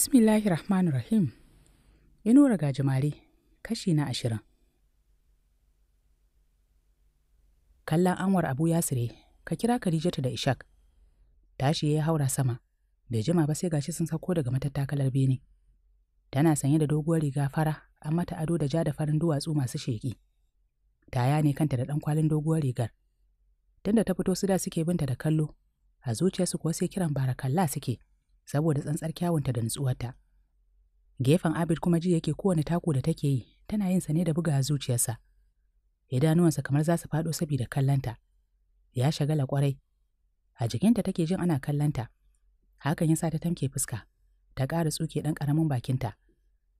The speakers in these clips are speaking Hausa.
Bismillahi Rahmanir Rahim, Inuwar Gajimare, kashi na ashirin. Kallon Anwar Abu ya sire ka kira Khadijatu da Ishak. Tashi ya haura sama, bai jima ba sai gashi sun sauko daga matattakalar bene. Tana sanye da doguwar riga fara, an mata ado da ja da farin duwatsu masu sheƙi. Taya ne kanta da ɗan kwalin doguwar rigar. Tunda ta fito su da suke binta da kallo, a zuciyarsu kuwa sai kiran kalla suke. saboda tsantsar kyawunta da nutsuwarta. Gefen Abid kuma ji yake kowane taku da take yi, tana yin sa ne da buga zuciyarsa. Idanuwansa kamar za su faɗo saboda kallanta. Ya shagala kwarai. A jikinta take jin ana kallanta. Hakan ya sa ta tamke fuska, ta ƙara tsuke ɗan ƙaramin bakinta.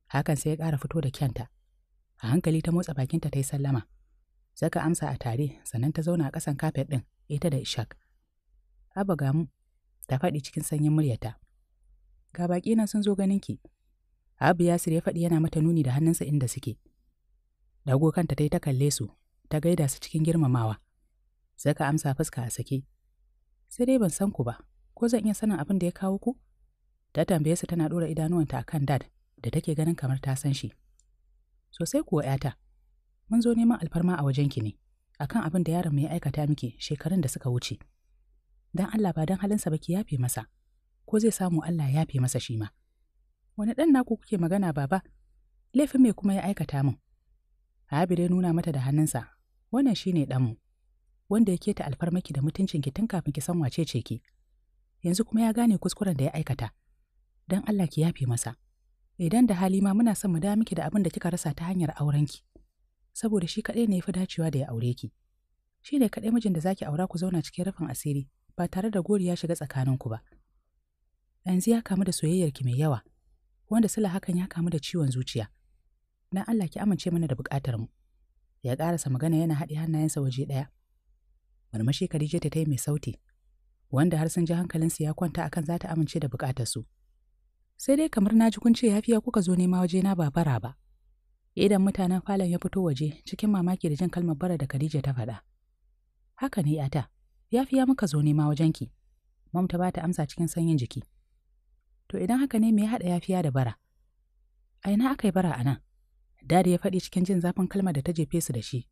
Hakan sai ya ƙara fito da kyanta. A hankali ta motsa bakinta ta yi sallama. Saka amsa a tare, sannan ta zauna a ƙasan kafet ɗin, ita da Ishak. Abba gamu, ta faɗi cikin sanyin muryata. Ga baƙi na sun zo ganin ki. Abu Yasir ya faɗi yana mata nuni da hannunsa inda suke. Dago kanta ta yi ta kalle su, ta gaida su cikin girmamawa. Saka amsa fuska a sake. Sai dai ban san ku ba, ko zan iya sanin abin da ya kawo ku? Ta tambaye su tana ɗora idanuwanta a kan dad da take ganin kamar ta san shi. Sosai kuwa ‘yata, mun zo neman alfarma a wajenki ne, akan abin da yaron mai aikata miki shekarun da suka wuce. Don Allah ba don halinsa ba ki yafe masa. ko zai samu Allah ya fi masa shi ma. Wani ɗan naku kuke magana baba, laifin mai kuma ya aikata min? Habir ya nuna mata da hannunsa, wannan shi ne ɗanmu, wanda ya keta alfarmaki da mutuncinki tun kafin ki san wace ce ki. Yanzu kuma ya gane kuskuren da ya aikata, don Allah ki yafe masa. Idan da hali ma muna son mu da miki da abin da kika rasa ta hanyar aurenki, saboda shi kaɗai ne ya fi dacewa da ya aure ki. Shi ne kaɗai mijin da zaki aura ku zauna cikin rufin asiri ba tare da gori shiga tsakaninku ba. yanzu ya kamu da soyayyarki mai yawa, wanda sula hakan ya kamu da ciwon zuciya. Na Allah ki amince mana da buƙatar mu. Ya ƙarasa magana yana haɗe hannayensa waje ɗaya. Marmashi Khadija ta ta yi mai sauti, wanda har sun ji hankalinsu ya kwanta akan za ta amince da su. Sai dai kamar na ji kun ce yafiya kuka zo nema waje na ba ba. Idan mutanen falon ya fito waje cikin mamaki da jin kalmar bara da Khadija ta faɗa. Haka ne yata, yafiya muka zo nema wajenki. Mamta ba ta amsa cikin sanyin jiki. To idan haka ne me ya haɗa yafiya da bara? A ina aka yi bara a nan? Dadi ya faɗi cikin jin zafin kalmar da ta jefe su da shi.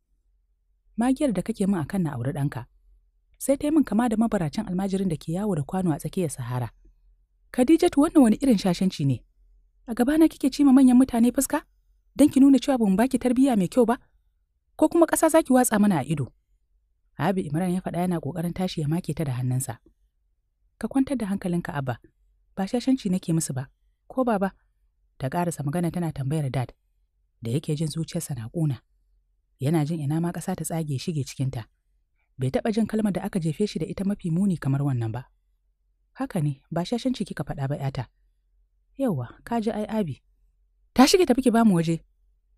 Magiyar da kake min a kan na auri ɗanka. Sai ta yi min kama da mabaracin almajirin da ke yawo da kwano a tsakiyar Sahara. Khadijatu wannan wani irin shashanci ne? A gabana kike ci manyan mutane fuska? Don ki nuna cewa ban baki tarbiyya mai kyau ba? Ko kuma ƙasa za ki watsa mana a ido? Abi Imran ya faɗa yana ƙoƙarin tashi ya make ta da hannunsa. Ka kwantar da hankalinka Abba, ba shashanci nake musu ba ko baba ta ƙarasa magana tana tambayar dad da yake jin zuciyarsa na ƙuna yana jin ina ma ƙasa ta tsage shige cikinta bai taɓa jin kalmar da aka jefe shi da ita mafi muni kamar wannan ba haka ne ba shashanci kika faɗa ba yata yauwa ka ji ai abi ta shige tafi ki bamu waje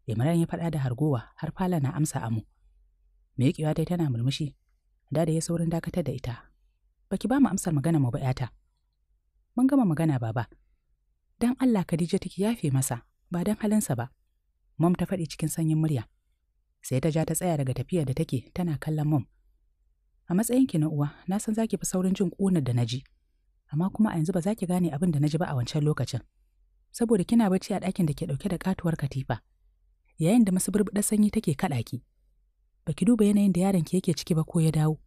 imran ya faɗa da hargowa har fala na amsa amu me yakewa tai tana murmushi Dada ya saurin dakatar da ita baki ba mu amsar magana mu ba yata Mun gama magana baba. Dan Allah Khadija take yafe masa, ba dan halinsa ba. Mom ta faɗi cikin sanyin murya. Sai ta ja ta tsaya daga tafiyar da take tana kallon mom. A matsayin ki na uwa, na san zaki fi saurin jin ƙunar da na ji. amma kuma a yanzu ba za gane abin da naji ba a wancan lokacin. Saboda kina bacci a ɗakin da ke ɗauke da katuwar katifa, yayin da masu burbuɗar sanyi take kaɗa ki. Ba ki duba yanayin da yaron ki yake ciki ba ko ya dawo,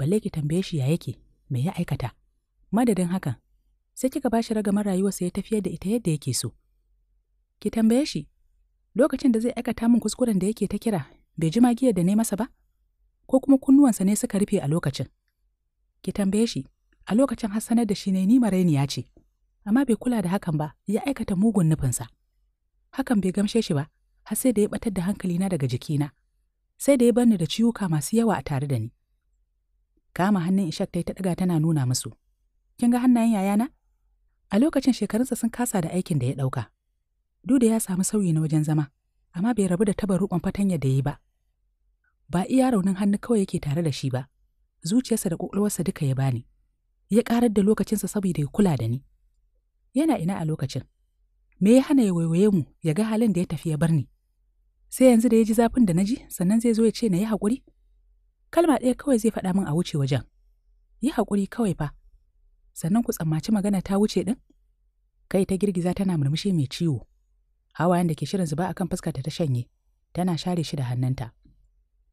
balle ki tambaye shi ya yake, me ya aikata. Madadin hakan, sai kika ba shi ragamar rayuwarsa ya tafiyar da ita yadda yake so. Ki tambaye shi, lokacin da zai aikata min kuskuren da yake ta kira, bai ji magiyar da ne masa ba? Ko kuma kunnuwansa ne suka rufe a lokacin? Ki tambaye shi, a lokacin hassanar da shi ne ni marainiya ce, amma bai kula da hakan ba, ya aikata mugun nufinsa. Hakan bai gamshe shi ba, har sai da ya batar da hankalina daga jikina. Sai da ya bar ni da ciwuka masu yawa a tare da ni. Kama hannun Ishak ta yi ta ɗaga tana nuna musu. Kin ga hannayen yayana? A lokacin shekarunsa sun kasa da aikin da ya ɗauka. Duda ya samu sauyi na wajen zama, amma bai rabu da taba ruɓan fatanya da ya yi ba. Ba iya raunin hannu kawai yake tare da shi ba, zuciyarsa da ƙwaƙwalwarsa duka ya bani. Ya ƙarar da lokacinsa saboda ya kula da ni. Yana ina a lokacin. Me ya hana ya waiwaye mu ya ga halin da ya tafi ya bar ni? Sai yanzu da ya ji zafin da na ji, sannan zai zo ya ce na yi haƙuri? Kalma ɗaya kawai zai faɗa min a wuce wajen. Yi haƙuri kawai fa, sannan ku tsammaci magana ta wuce ɗin? Kai ta girgiza tana murmushi mai ciwo. Hawayen da ke shirin zuba akan fuskarta ta shanye, tana share shi da hannunta.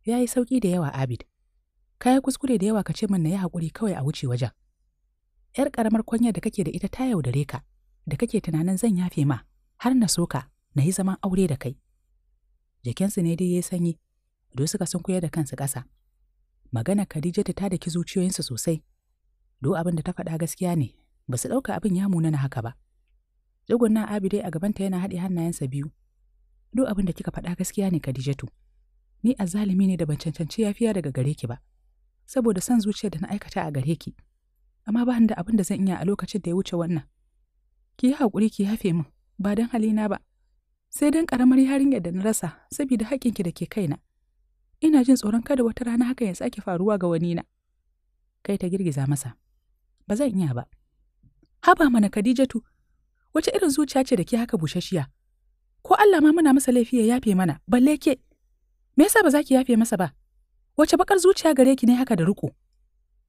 Ya yi sauƙi da yawa Abid. Ka yi kuskure da yawa ka ce min na yi haƙuri kawai a wuce wajen. ‘Yar ƙaramar kwanya da kake da ita ta yaudare ka, da kake tunanin zan yafe ma, har na so ka, na yi zaman aure da kai. Jikinsu ne dai ya yi sanyi, do suka sun koyar da kansu ƙasa. Magana Khadija ta daki zuciyoyinsu sosai, Do abin da ta faɗa gaskiya ne, ba su ɗauka abin ya munana haka ba. Tsugunna Abi dai a gabanta yana haɗe hannayensa biyu. Do abin da kika faɗa gaskiya ne kadijatu Ni azalimi ne da ban cancanci yafiya daga gare ki ba. Saboda son zuciyar da na aikata a gare ki. Amma ba da abin da zan iya a lokacin da ya wuce wannan. Ki yi haƙuri ki hafe min, ba don halina ba. Sai don ƙaramar yarinyar da na rasa, saboda haƙƙinki da ke kaina. Ina jin tsoron kada wata rana haka ya sake faruwa ga wani na. Kai ta girgiza masa. ba zan iya ba. Haba mana Khadijatu, wace irin zuciya ce da ke haka bushashiya? Ko Allah ma muna masa laifi ya yafe mana, balle ke. Me yasa ba za ki yafe masa ba? Wace bakar zuciya gare ki ne haka da riko?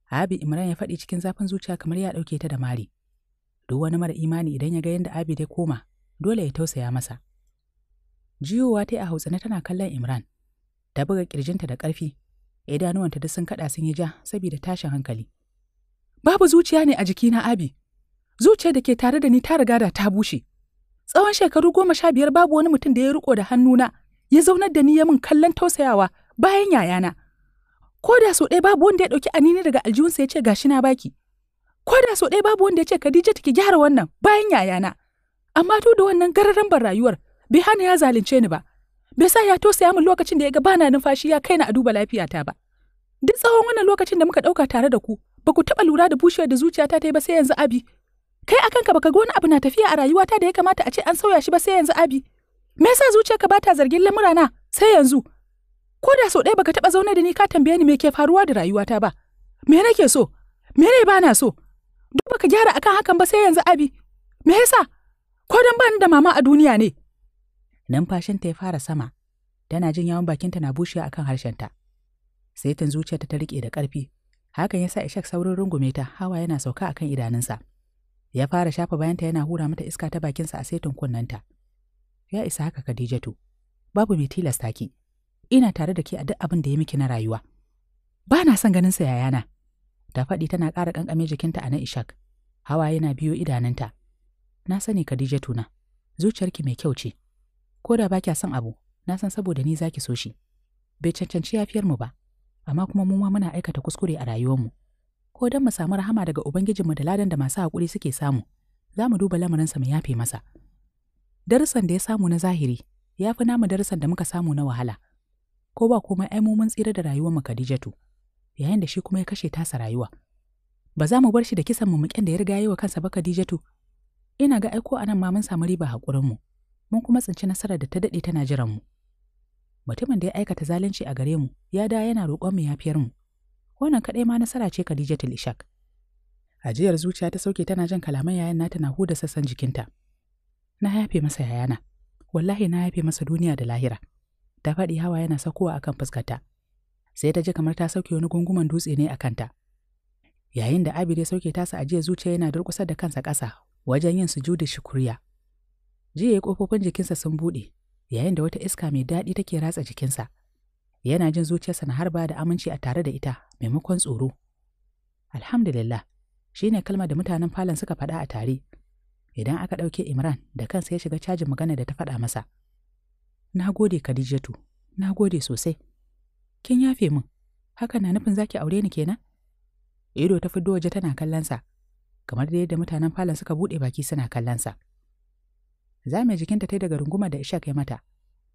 Abi Imran ya faɗi cikin zafin zuciya kamar ya ɗauke ta da mari. Duk wani mara imani idan ya ga yadda Abi dai koma, dole ya tausaya masa. Jiyowa ta yi a hautsana tana kallon Imran, ta buga ƙirjinta da ƙarfi, idanuwanta duk sun kaɗa sun yi ja saboda tashin hankali. Babu zuciya ne a jikina Abi. Zuciyar da ke tare da ni ta riga da ta bushe. Tsawon shekaru goma sha biyar babu wani mutum da ya riko da hannuna ya zaunar da ni ya min kallon tausayawa bayan yayana. Ko da so ɗaya babu wanda ya ɗauki anini daga aljihunsa ya ce gashi na baki. Ko da so ɗaya babu wanda ya ce Khadija take gyara wannan bayan yayana. Amma to da wannan gararan ban rayuwar bai hana ya zalunce ni ba. Bai sa ya tausaya min lokacin da ya ga bana numfashi ya kaina a duba lafiyata ba. Duk tsawon wannan lokacin da muka ɗauka tare da ku, ba ku taɓa lura da bushewar da zuciyata ta yi ba sai yanzu abi kai a kanka baka ga wani abu na tafiya a rayuwata da ya kamata a ce an sauya shi ba sai yanzu abi me yasa zuciyarka ba ta zargin lamurana sai yanzu ko da sau ɗaya baka taɓa zaune da ni ka tambaye ni me ke faruwa da rayuwata ba me nake so me ne ba na so duk baka gyara akan hakan ba sai yanzu abi me yasa ko dan ba ni da mama a duniya ne numfashinta ya fara sama tana jin yawon bakinta na bushewa akan harshenta sai tun zuciyarta ta riƙe da ƙarfi Hakan ya sa Ishak saurin rungume ta, hawa yana sauka akan idanunsa. Ya fara shafa bayanta yana hura mata iska ta bakinsa a setin kunnanta. Ya isa haka Khadijatu. Babu mai tilasta ki. Ina tare da ke a duk abin da ya miki na rayuwa. Ba na son ganin sa yayana. Ta faɗi tana ƙara ƙanƙame jikinta a nan Ishak. Hawa yana biyo idanunta. Na sani Khadijatu na. Zuciyarki mai kyau ce. Ko da ba kya son abu, na san saboda ni zaki so shi. Bai cancanci yafiyar mu ba. amma kuma mu ma muna aikata kuskure a rayuwarmu. Ko don mu samu rahama daga Ubangijinmu da ladan da masu haƙuri suke samu, za mu duba lamarinsa mu yafe masa. Darussan da ya samu na zahiri ya fi namu darussan da muka samu na wahala. Ko ba kuma ai mu mun tsira da rayuwar mu Khadijatu, yayin da shi kuma ya kashe tasa rayuwa. Ba za mu bar shi da kisan mu muƙen da ya riga yi wa kansa ba Khadijatu. Ina ga aiko anan ma mun samu riba hakurin mu. Mun kuma tsinci nasarar da ta daɗe tana jiran mu. mutumin da ya aikata zalunci a gare mu ya da yana roƙon mu yafiyar mu wannan kaɗai ma nasara ce Khadijatul Ishak ajiyar zuciya ta sauke tana jan kalaman yayan nata na huda sassan jikinta na yafe masa yayana wallahi na yafe masa duniya da lahira ta faɗi hawa yana sakowa akan fuskarta sai ta ji kamar ta sauke wani gunguman dutse ne a kanta yayin da abir ya sauke tasa ajiyar zuciya yana durƙusar da kansa ƙasa wajen yin sujudi shukuriya jiya kofofin jikinsa sun buɗe yayin da wata iska mai daɗi take ratsa jikinsa. Yana jin zuciyarsa na harba da aminci a tare da ita maimakon tsoro. Alhamdulillah, shi ne kalmar da mutanen falon suka faɗa a tare. Idan aka ɗauke Imran da kansa ya shiga cajin magana da ta faɗa masa. Na gode Khadijatu, na gode sosai. Kin yafe min, haka na nufin zaki aure ni kenan? Ido ta fiddo waje tana kallonsa, kamar da yadda mutanen falon suka buɗe baki suna kallonsa. sa. Za mai jikinta ta daga runguma da Ishak ya mata.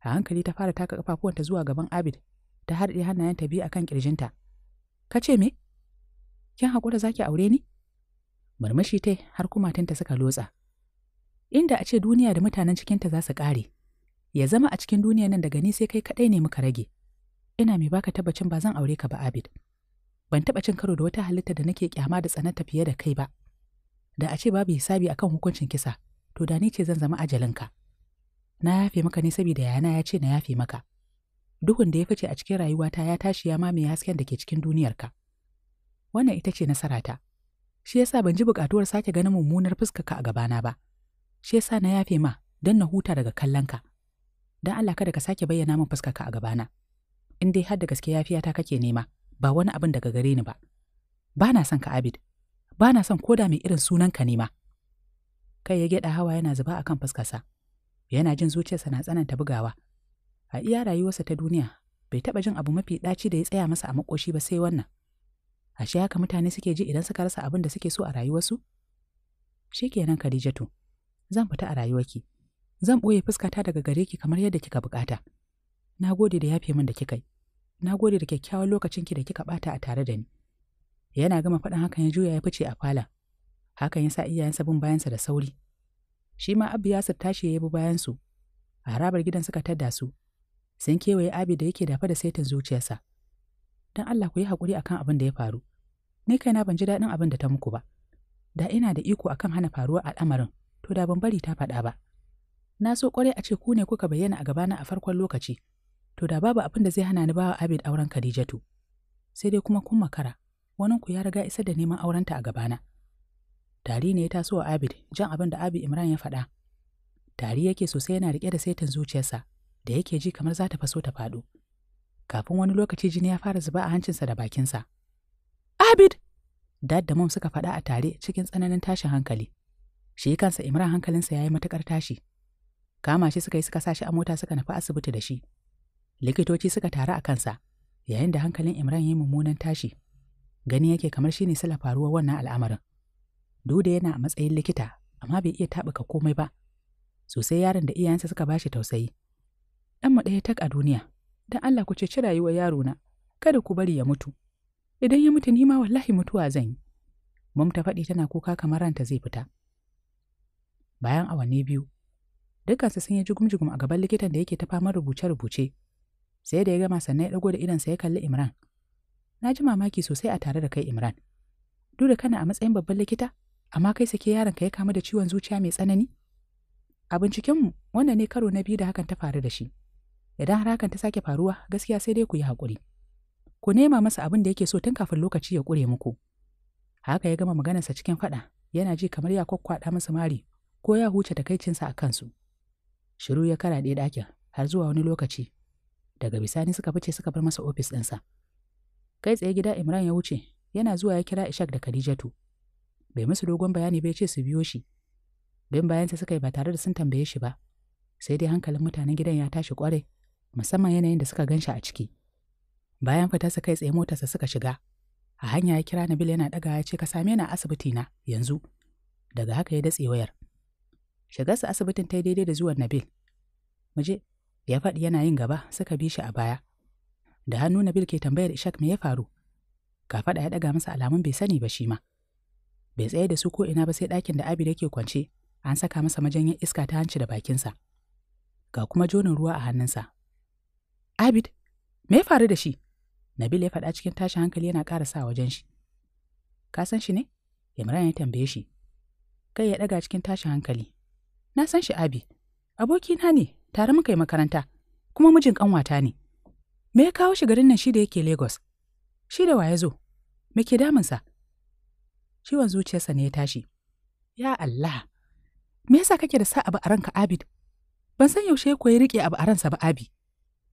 A hankali ta fara taka kafafuwanta zuwa gaban Abid, ta harɗe hannayenta biyu akan kirjinta. Ka ce me? Kin haƙura zaki aure ni? Murmushi ta har kumatanta suka lotsa. Inda a ce duniya da mutanen cikinta za su ƙare, ya zama a cikin duniya nan daga ni sai kai kaɗai ne muka rage. Ina mai baka tabbacin ba zan aure ka ba Abid. Ban taɓa cin karo da wata halitta da nake kyama da tsananta fiye da kai ba. Da a ce babu hisabi akan hukuncin kisa, to da ni ce zan zama ajalinka. Na yafe maka ne saboda yana ya ce na yafe maka. Duhun da ya fice a cikin rayuwata ya tashi ya mamaye hasken da ke cikin duniyarka. Wannan ita ce nasarata. Shi yasa ban ji buƙatuwar sake ganin mummunar fuskarka a gabana ba. Shi yasa na yafe ma don na huta daga kallon ka. Don Allah kada ka sake bayyana min fuskarka a gabana. In dai har da gaske yafiyata kake nema, ba wani abin daga gare ni ba. Ba na son ka Abid, ba na son koda mai irin sunanka nema. kai ya gyaɗa hawa yana zuba akan fuskarsa yana jin zuciyarsa na tsananta bugawa a iya rayuwarsa ta duniya bai taɓa jin abu mafi ɗaci da ya tsaya masa a makoshi ba sai wannan ashe haka mutane suke ji idan suka rasa abin da suke so a rayuwarsu shikenan Khadijatu zan fita a rayuwarki zan ɓoye fuskata daga gare ki kamar yadda kika bukata na gode da yafe min da kika yi na gode da kyakkyawan lokacinki da kika ɓata a tare da ni yana gama faɗin hakan ya juya ya fice a falon hakan ya sa iyayensa bin bayansa da sauri. Shi ma Abu ya tashi ya bi bayansu, a harabar gidan suka tada su, sun kewaye Abi da yake dafa da saitin zuciyarsa. Don Allah ku yi haƙuri akan abin da ya faru. Ni kaina ban ji daɗin abin da ta muku ba. Da ina da iko akan hana faruwa al'amarin, to da ban bari ta faɗa ba. Na so ƙwarai a ce ku ne kuka bayyana a gabana a farkon lokaci, to da babu abin da zai hana ni bawa Abid auren Khadijatu. Sai dai kuma kun makara, wani ku ya riga isar da neman aurenta a gabana. tari ne ya taso wa abid jan abin da abi imran ya faɗa tari yake sosai yana riƙe da saitin zuciyarsa da yake ji kamar za ta faso ta faɗo kafin wani lokaci jini ya fara zuba a hancinsa da bakinsa abid dad da mom suka faɗa a tare cikin tsananin tashin hankali shi kansa imran hankalinsa ya yi matuƙar tashi kama shi suka yi suka sa shi a mota suka nufi asibiti da shi likitoci suka taru a kansa yayin da hankalin imran ya yi mummunan tashi gani yake kamar shi ne sala faruwa wannan al'amarin Dauda yana a matsayin likita, amma bai iya taɓuka komai ba. Sosai yaron da iyayensa suka bashi tausayi. mu ɗaya tak a duniya, Dan Allah ku ceci rayuwar yarona, kada ku bari ya mutu. Idan ya mutu ni ma wallahi mutuwa zan yi. Mum ta faɗi tana kuka kamar ranta zai fita. Bayan awanni biyu, dukkansu sun yi jugum-jugum a gaban likitan da yake ta fama rubuce-rubuce. Sai da ya gama sannan ya ɗago da sa ya kalli Imran. Na ji mamaki sosai a tare da kai Imran. duda kana a matsayin babban likita, amma kai sake yaronka ya kamu da ciwon zuciya mai tsanani a bincikenmu wannan ne karo na biyu da hakan ta faru da shi idan har hakan ta sake faruwa gaskiya sai dai ku yi haƙuri ku nema masa abin da yake so tun kafin lokaci ya kure muku haka ya gama maganarsa cikin faɗa yana ji kamar ya kwakwaɗa masa mari ko ya huce takaicinsa a kansu shiru ya kara karaɗe ɗakin har zuwa wani lokaci daga bisani suka fice suka bar masa ofis ɗinsa kai tsaye gida imran ya wuce yana zuwa ya kira ishak da khadijatu bai musu dogon bayani bai ce su biyo shi bin bayansa suka yi ba tare da sun tambaye shi ba sai dai hankalin mutanen gidan ya tashi kwarai musamman yanayin da suka gan shi a ciki bayan fita su kai tsaye motarsa suka shiga a hanya ya kira Nabil yana ɗaga ya ce ka same ni a asibiti na yanzu daga haka ya datse wayar shigarsa asibitin ta daidai da zuwan Nabil muje ya faɗi yana yin gaba suka bi shi a baya da hannu Nabil ke tambayar Ishak me ya faru ka faɗa ya ɗaga masa alamun bai sani ba shi ma bai tsaye da su ko ina ba sai ɗakin da da ke kwance an saka masa majanyen iska ta hanci da bakinsa ga kuma jonin ruwa a hannunsa abid me ya faru da shi nabil ya faɗa cikin tashin hankali yana ƙara sa wajen shi ka san shi ne imran ya tambaye shi kai ya ɗaga cikin tashin hankali na san shi abi abokina ne tare muka yi makaranta kuma mijin ƙanwata ne me ya kawo shi garin nan shi da yake lagos shi da wa ya zo me ke damunsa ciwon zuciyarsa ne ya tashi. Ya Allah, me yasa kake da sa abu a ranka Abid? Ban san yaushe ko ya riƙe abu a ransa ba Abi.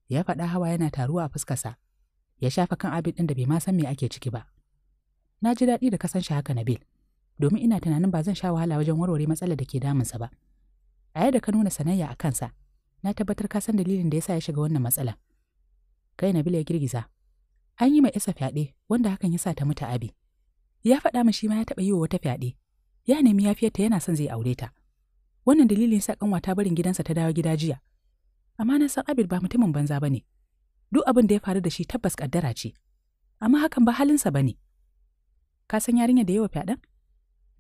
Ya faɗa hawa yana taruwa a fuskarsa. Ya shafa kan Abid ɗin da bai ma san me ake ciki ba. Na ji daɗi da kasan shi haka Nabil, domin ina tunanin ba zan sha wahala wajen warware matsalar da ke damunsa ba. A yadda ka nuna sanayya a kansa, na tabbatar ka san dalilin da yasa ya shiga wannan matsalar. Kai Nabil ya girgiza. An yi mai Isa fyaɗe wanda hakan ya sa ta mutu Abi. Ya faɗa min shi ma ya taɓa yi wa wata fyaɗe. Ya nemi yafiyarta yana son zai aure ta. Wannan dalilin sa kanwa ta barin gidansa ta dawo gida jiya. Amma na san Abid ba mutumin banza ba ne. Duk abin da ya faru da shi tabbas kaddara ce. Amma hakan ba halinsa ba ne. Ka san yarinya da yawa fyaɗen?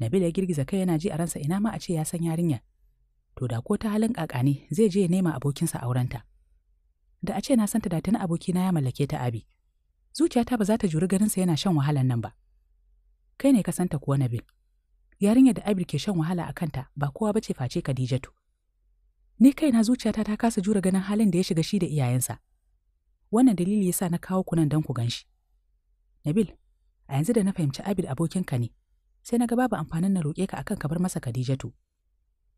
Nabila ya girgiza kai yana ji a ransa ina ma a ce ya san yarinya. To da ko ta halin ƙaƙa ne zai je ya nema abokinsa aurenta. Da a ce na santa da na abokina ya mallake ta abi. Zuciyata ba za ta juri ganinsa yana shan wahalan nan ba. kai ne ka santa kuwa Nabil. Yarinyar da Abir ke shan wahala a kanta ba kowa bace face kadijatu. Ni kai na zuciyata ta kasa jura ganin halin da ya shiga shi da iyayensa. Wannan dalili yasa na kawo ku nan don ku ganshi. Nabil, a yanzu da na fahimci Abid abokinka ne, sai na ga babu amfanin na roƙe ka akan ka bar masa kadijatu.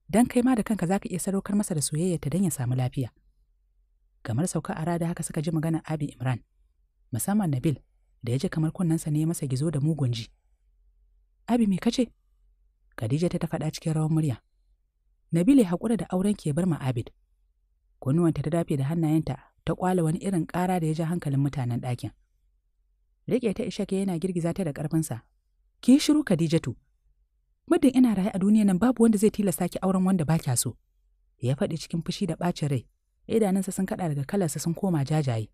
Dan kai ma da kanka za ka iya sadaukar masa da soyayyarta don ya samu lafiya. Kamar sauka a rada haka suka ji maganar Abi Imran, musamman Nabil da ya ji kamar kunnensa ne ya masa gizo da mugun ji. Abi me kace? Khadija ta faɗa cikin rawar murya. Nabila ya haƙura da auren ke bar Abid. Kunnuwanta ta dafe da hannayenta ta kwala wani irin ƙara da ya ji hankalin mutanen ɗakin. Rike ta ke yana girgiza ta da ƙarfinsa. Ki shiru Khadijatu. Muddin ina raye a duniya nan babu wanda zai tilasta ki auren wanda ba kya so. Ya faɗi cikin fushi da ɓacin rai. Idanunsa sun kaɗa daga kalarsa sun koma jajaye.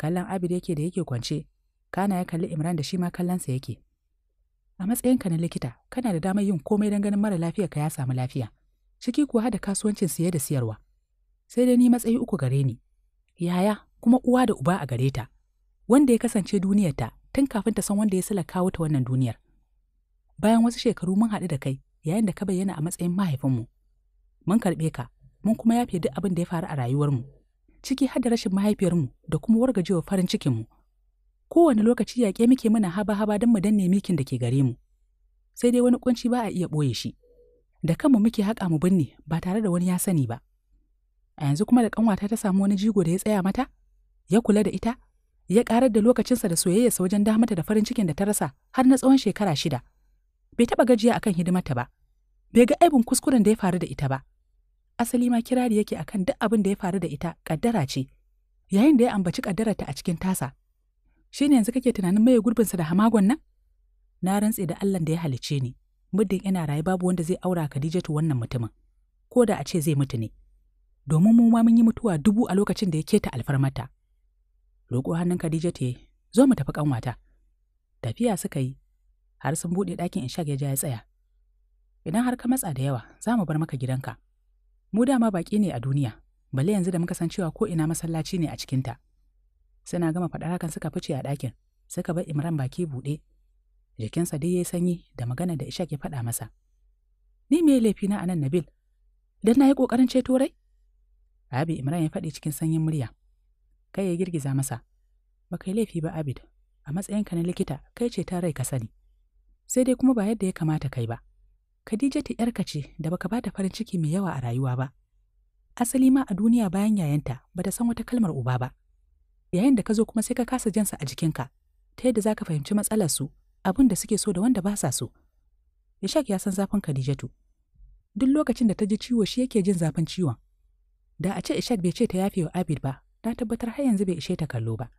Kallon Abid yake da yake kwance. Kana ya kalli Imran da shi ma kallonsa yake. A matsayinka na likita, kana da damar yin komai don ganin mara lafiyar ka ya samu lafiya. Ciki kuwa hada kasuwancin siye da siyarwa. Sai dai ni matsayi uku gare ni. Yaya kuma uwa da uba a gare ta. Wanda ya kasance duniyarta tun kafin ta san wanda ya sala kawo ta wannan duniyar. Bayan wasu shekaru mun haɗu da kai yayin da ka bayyana a matsayin mahaifinmu. Mun karɓe ka, mun kuma yafe duk abin da ya faru a rayuwarmu. Ciki har da rashin mahaifiyarmu da kuma wargajewa farin cikinmu. kowane lokaci yaƙe muke mana haba-haba don mu danne mikin da ke gare mu sai dai wani kunci ba a iya ɓoye shi da kanmu muke haƙa mu binne ba tare da wani ya sani ba a yanzu kuma da ƙanwata ta samu wani jigo da ya tsaya mata ya kula da ita ya ƙarar da lokacinsa da soyayyarsa wajen da mata da farin cikin da ta rasa har na tsawon shekara shida bai taɓa gajiya akan hidimarta ba bai ga aibin kuskuren da ya faru da ita ba asali ma kirari yake akan duk abin da ya faru da ita ƙaddara ce yayin da ya ambaci ƙaddararta a cikin tasa shi ne yanzu kake tunanin maye gurbinsa da hamagon nan? Na rantse da Allah da ya halice ni, muddin ina raye babu wanda zai aura Khadijatu wannan mutumin, ko da a ce zai mutu ne. Domin mu ma mun yi mutuwa dubu a lokacin da ya keta alfarmata. Roƙo hannun Khadijatu ya zo mu tafi ƙanwata. Tafiya suka yi, har sun buɗe ɗakin Ishaq ya ja ya tsaya. Idan har ka matsa da yawa, za mu bar maka gidanka. Mu dama baƙi ne a duniya, balle yanzu da muka san cewa ko ina masallaci ne a cikinta. Suna gama faɗar hakan suka fice a ɗakin, suka bar Imran baki buɗe. Jikinsa dai ya sanyi da magana da Ishak ya faɗa masa. Ni me laifi na anan Nabil? Dan na yi ƙoƙarin ceto rai? Abi Imran ya faɗi cikin sanyin murya. Kai ya girgiza masa. Ba kai laifi ba Abid, a matsayinka na likita kai ce ta rai ka sani. Sai dai kuma ba yadda ya kamata kai ba. Khadijatu ‘yarka ce da baka bata farin ciki mai yawa a rayuwa ba. Asali ma a duniya bayan yayanta bata san wata kalmar uba ba. yayin da ka zo kuma sai ka kasa jansa a jikinka ta yadda za ka fahimci matsalarsu abin da suke so da wanda ba sa so ishak ya san zafin khadijatu duk lokacin da ta ji ciwo shi yake jin zafin ciwon da a ce ishak bai ce ta yafe wa abid ba na tabbatar har yanzu bai ishe ta kallo ba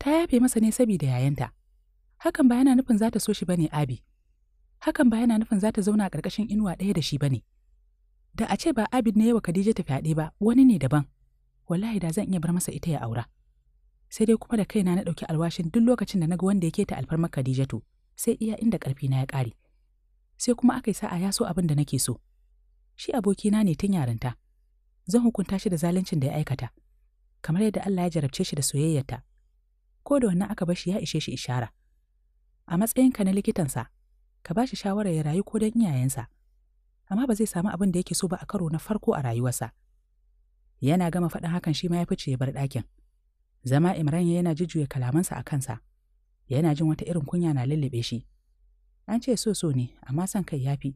ta yafe masa ne saboda yayanta hakan ba yana nufin za ta so shi ba ne abi hakan ba yana nufin za ta zauna a ƙarƙashin inuwa ɗaya da shi ba ne da a ce ba abid na yawa khadija ta fyaɗe ba wani ne daban wallahi da zan iya bar masa ita ya aura sai dai kuma da kaina na ɗauki alwashin duk lokacin da na ga wanda yake ta alfarmar Khadijatu, sai iya inda ƙarfi na ya ƙare. Sai kuma aka yi sa'a ya so abin da nake so. Shi abokina ne tun yarinta. Zan hukunta shi da zaluncin da ya aikata, kamar yadda Allah ya jarabce shi da soyayyarta. Ko da wannan aka bar shi ya ishe shi ishara. A matsayinka na likitansa, ka ba shi shawarar ya rayu ko don iyayensa, amma ba zai samu abin da yake so ba a karo na farko a rayuwarsa. Yana gama faɗin hakan shi ma ya fice ya bar ɗakin. Zama Imran yana jujjuya kalamansa a kansa, yana jin wata irin kunya na lullube shi. An ce so so ne, amma son kai ya fi.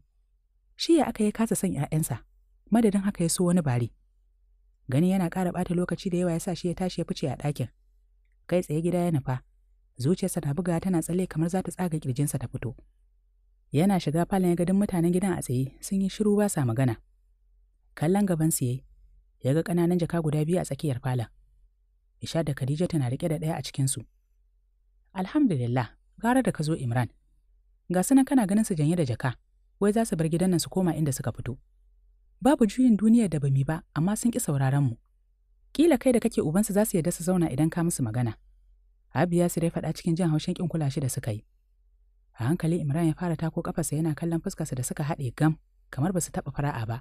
Shi ya aka yi kasa son ‘ya'yansa, madadin haka ya so wani bari. Gani yana ƙara ɓata lokaci da yawa ya sa shi ya tashi ya fice a ɗakin. Kai tsaye gida ya nufa, zuciyarsa na buga tana tsalle kamar za ta tsaga ƙirjinsa ta fito. Yana shiga falon ya gadin mutanen gidan a tsaye sun yi shiru ba sa magana. Kallon gaban su ya ga ƙananan jaka guda biyu a tsakiyar falon. Isha da Khadija tana riƙe da ɗaya a cikinsu. Alhamdulillah, gara da ka zo Imran. Ga sunan kana ganin su janye da jaka, wai za su bar gidan nan su koma inda suka fito. Babu juyin duniya da bami ba, amma sun ƙi sauraron mu. Kila kai da kake ubansu za su yarda su zauna idan ka musu magana. Abiya su dai faɗa cikin jin haushin ƙin kula shi da suka yi. A hankali Imran ya fara tako kafarsa yana kallon fuskarsa da suka haɗe gam, kamar ba su taɓa fara'a ba.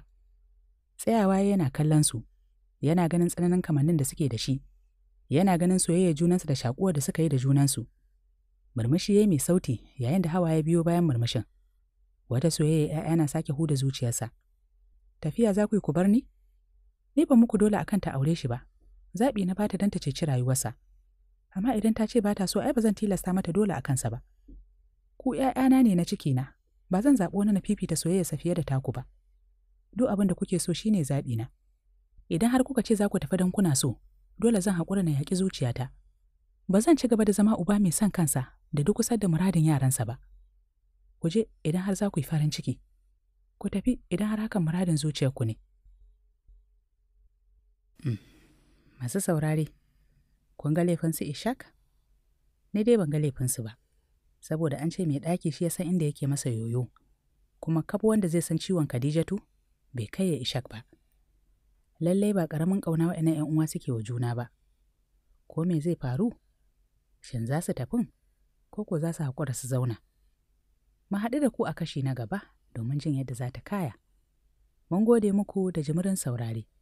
Tsayawa yana kallon su, yana ganin tsananin kamannin da suke da shi, yana ganin soyayya junansa da shakuwar da suka yi da junansu. Murmushi ya yi mai sauti yayin da hawa ya biyo bayan murmushin. Wata soyayya ‘ya'ya na sake huda zuciyarsa. Tafiya za ku yi ku bar ni? Ni ba muku dole akan ta aure shi ba. Zaɓi na bata don ta ceci rayuwarsa. Amma idan ta ce ba ta so ai ba zan tilasta mata dole a kansa ba. Ku ‘ya'yana ne na ciki na. ba zan zaɓi wani na fifita soyayyarsa fiye da taku ba. Duk abin da kuke so shine na Idan har kuka ce za ku tafi don kuna so, dole zan haƙura na yaƙi zuciyata. Ba zan ci gaba da zama uba mai son kansa da duk kusa da muradin yaransa ba. Ku je idan har za ku yi farin ciki. Ku tafi idan har hakan muradin ku ne. Mm. Masu saurare, kun ga laifinsu Ishak? Ni dai ban ga laifinsu ba, saboda an ce mai ɗaki shi ya san inda yake masa yoyo, kuma kabo wanda zai san ciwon Khadijatu bai kai ya Ishak ba. lallai ba ƙaramin ƙauna waɗannan 'yan uwa suke wa juna ba. Ko me zai faru? Shin za su tafin? Ko ko za su haƙura su zauna? Mu haɗu da ku a kashi na gaba domin jin yadda za ta kaya. Mun gode muku da jimirin saurare.